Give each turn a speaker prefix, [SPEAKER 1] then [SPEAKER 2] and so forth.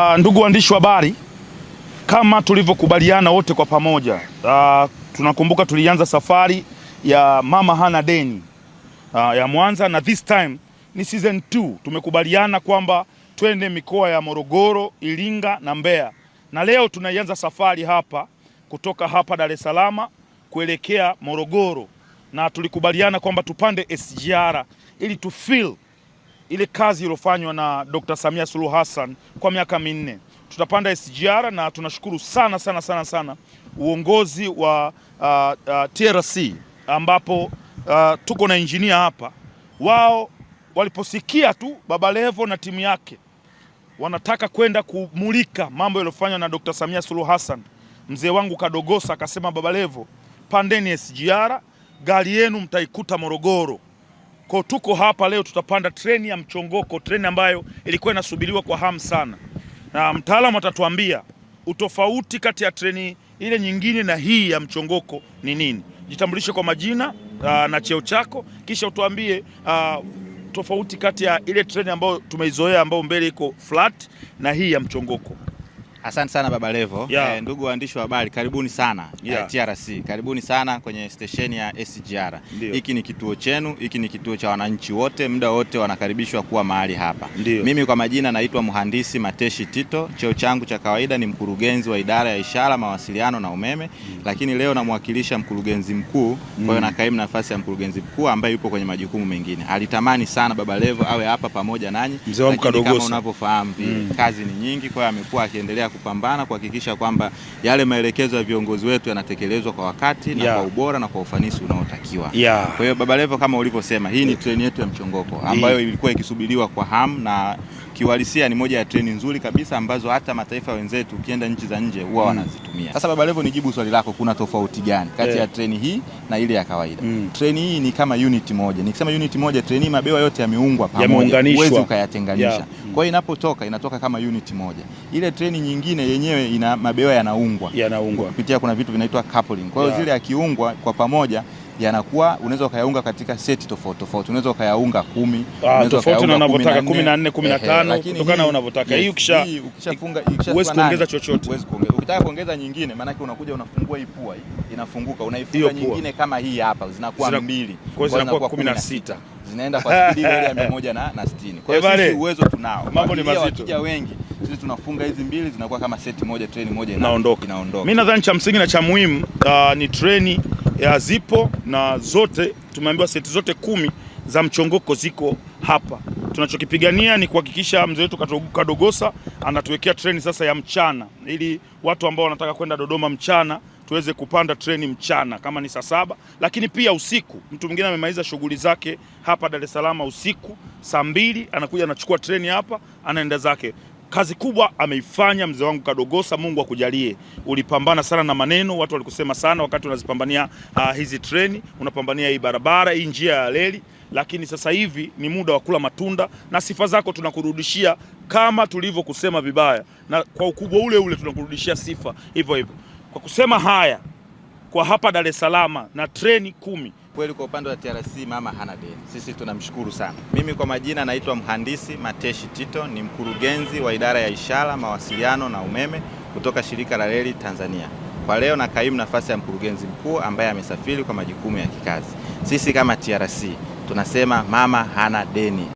[SPEAKER 1] Uh, ndugu waandishi wa habari, kama tulivyokubaliana wote kwa pamoja uh, tunakumbuka tulianza safari ya mama hana deni uh, ya Mwanza na this time ni season 2 tumekubaliana kwamba twende mikoa ya Morogoro, Iringa na Mbeya, na leo tunaianza safari hapa kutoka hapa Dar es Salaam kuelekea Morogoro, na tulikubaliana kwamba tupande SGR ili tufeel ile kazi iliyofanywa na Dr. Samia Suluhu Hassan kwa miaka minne. Tutapanda SGR na tunashukuru sana sana sana sana uongozi wa uh, uh, TRC ambapo uh, tuko na injinia hapa. Wao waliposikia tu Baba Levo na timu yake wanataka kwenda kumulika mambo yaliyofanywa na Dr. Samia Suluhu Hassan, mzee wangu Kadogosa akasema, Baba Levo, pandeni SGR, gari yenu mtaikuta Morogoro. Kwa tuko hapa leo, tutapanda treni ya mchongoko, treni ambayo ilikuwa inasubiriwa kwa hamu sana, na mtaalamu atatuambia utofauti kati ya treni ile nyingine na hii ya mchongoko ni nini. Jitambulishe kwa majina aa, ah, na cheo chako, kisha utuambie aa, ah, tofauti kati ya ile treni ambayo tumeizoea ambayo mbele iko flat na hii ya mchongoko.
[SPEAKER 2] Asante sana Baba Levo. Yeah. E, ndugu waandishi wa habari karibuni sana yeah. TRC karibuni sana kwenye stesheni ya SGR. Hiki ni kituo chenu, hiki ni kituo cha wananchi wote, muda wote wanakaribishwa kuwa mahali hapa. Ndiyo. Mimi kwa majina naitwa mhandisi Mateshi Tito, cheo changu cha kawaida ni mkurugenzi wa idara ya ishara, mawasiliano na umeme mm. Lakini leo namwakilisha mkurugenzi mkuu mm. Kwa hiyo nakaimu nafasi ya mkurugenzi mkuu ambaye yupo kwenye majukumu mengine. Alitamani sana Baba Levo awe hapa pamoja nanyi, kama unavyofahamu mm. Kazi ni nyingi, kwa hiyo amekuwa akiendelea kupambana kuhakikisha kwamba yale maelekezo ya viongozi wetu yanatekelezwa kwa wakati na yeah. kwa ubora na kwa ufanisi unaotakiwa yeah. Kwa hiyo Baba Levo, kama ulivyosema, hii ni eh. treni yetu ya mchongoko eh. ambayo ilikuwa ikisubiriwa kwa hamu na kiuhalisia ni moja ya treni nzuri kabisa ambazo hata mataifa wenzetu ukienda nchi za nje huwa mm. wanazitumia. Sasa Baba Levo, nijibu swali lako, kuna tofauti gani kati yeah, ya eh. treni hii na ile ya kawaida? mm. Treni hii ni kama unit moja. Nikisema unit moja, treni hii mabewa yote yameungwa pamoja, huwezi ukayatenganisha. Yeah. mm. Kwa hiyo inapotoka inatoka kama unit moja. Ile treni nyingine yenyewe ina mabewa yanaungwa, yanaungwa kupitia kuna vitu vinaitwa coupling. Kwa hiyo yeah, zile akiungwa kwa pamoja yanakuwa unaweza ukayaunga katika seti tofauti tofauti, unaweza ukayaunga kumi
[SPEAKER 1] ah, tofauti na unavyotaka 14, 15 kutokana na unavyotaka hii. Ukisha ukishafunga huwezi kuongeza chochote, huwezi kuongeza.
[SPEAKER 2] Ukitaka kuongeza nyingine, maana yake unakuja unafungua hii pua hii, inafunguka, unaifunga nyingine kama hii hapa, zinakuwa mbili,
[SPEAKER 1] kwa hiyo zinakuwa 16
[SPEAKER 2] zinaenda kwa spidi ile ya moja na, na 160. Kwa eh, hiyo sisi uwezo tunao, mambo ni mazito, wakija wengi sisi tunafunga hizi mbili, zinakuwa kama seti moja, treni moja
[SPEAKER 1] inaondoka. Mimi nadhani cha msingi na cha muhimu uh, ni treni ya zipo na zote tumeambiwa seti zote kumi za mchongoko ziko hapa. Tunachokipigania ni kuhakikisha mzee wetu Kadogosa anatuwekea treni sasa ya mchana, ili watu ambao wanataka kwenda Dodoma mchana tuweze kupanda treni mchana kama ni saa saba, lakini pia usiku. Mtu mwingine amemaliza shughuli zake hapa Dar es Salaam usiku saa mbili, anakuja anachukua treni hapa, anaenda zake kazi kubwa ameifanya mzee wangu Kadogosa. Mungu akujalie, ulipambana sana na maneno, watu walikusema sana wakati unazipambania uh, hizi treni, unapambania hii barabara, hii njia ya reli, lakini sasa hivi ni muda wa kula matunda, na sifa zako tunakurudishia kama tulivyokusema vibaya, na kwa ukubwa ule ule tunakurudishia sifa hivyo hivyo. Kwa kusema haya, kwa hapa Dar es Salaam na treni kumi
[SPEAKER 2] kweli kwa upande wa TRC mama hana deni, sisi tunamshukuru sana. Mimi kwa majina naitwa mhandisi Mateshi Tito, ni mkurugenzi wa idara ya ishara, mawasiliano na umeme kutoka shirika la reli Tanzania. Kwa leo na kaimu nafasi ya mkurugenzi mkuu ambaye amesafiri kwa majukumu ya kikazi. Sisi kama TRC tunasema mama hana deni.